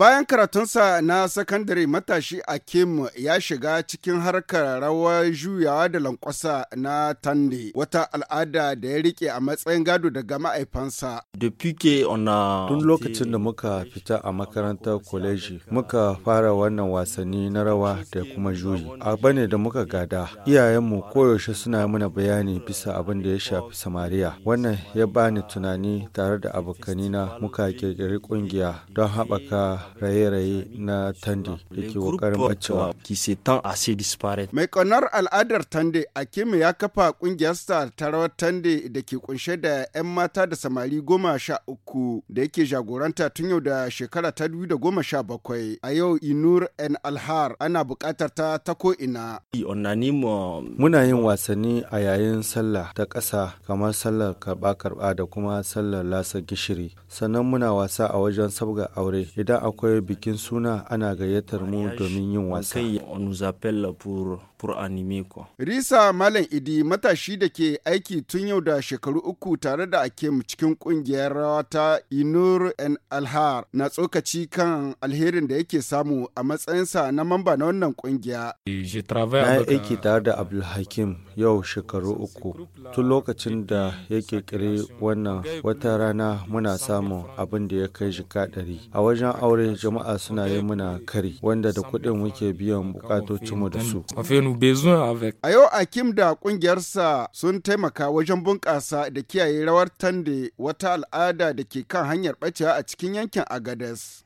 Bayan karatunsa na sakandare matashi a Akim ya shiga cikin harkar rawar juyawa da lankwasa na tande wata al'ada da ya rike a matsayin gado daga ma'aifansa. Tun lokacin da muka fita a makarantar kwaleji muka fara wannan wasanni na rawa da kuma juyi. a ne da muka gada. Iyayenmu koyaushe suna mana bayani bisa abin da ya shafi samariya. Wannan ya bani tunani tare da abokanina muka ƙirƙiri ƙungiya don haɓaka raye-raye na tande da ke kokarin bacewa. Mai ƙaunar al'adar tande Akimi ya kafa ƙungiyarsa ta rawar tande da ke kunshe da 'yan mata da samari goma sha uku da yake jagoranta tun yau da shekara ta dubu da goma sha bakwai. A yau Inur en Alhar ana bukatar ta ta ina. Euh, muna yin wasanni a yayin sallah ta ƙasa kamar sallar karɓa-karɓa da kuma sallar lasa gishiri. Sannan muna wasa a wajen sabga aure idan akwai akwai bikin suna ana gayyatar mu domin yin wasa. Risa Malam Idi matashi da ke aiki tun yau da shekaru uku tare da ake cikin kungiyar rawa ta Inur and Alhar na tsokaci kan alherin da yake samu a matsayinsa na mamba na wannan kungiya. Na aiki euh, tare da Abdulhakim yau shekaru uku tun lokacin da yake kire wannan wata rana muna samun abin da ya kai jika ɗari a wajen aure aure jama'a suna yi muna kari wanda da kuɗin muke biyan bukatocinmu da su. A yau Akim da ƙungiyarsa sun taimaka wajen bunƙasa da kiyaye rawar tande wata al'ada da ke kan hanyar ɓacewa a cikin yankin Agades.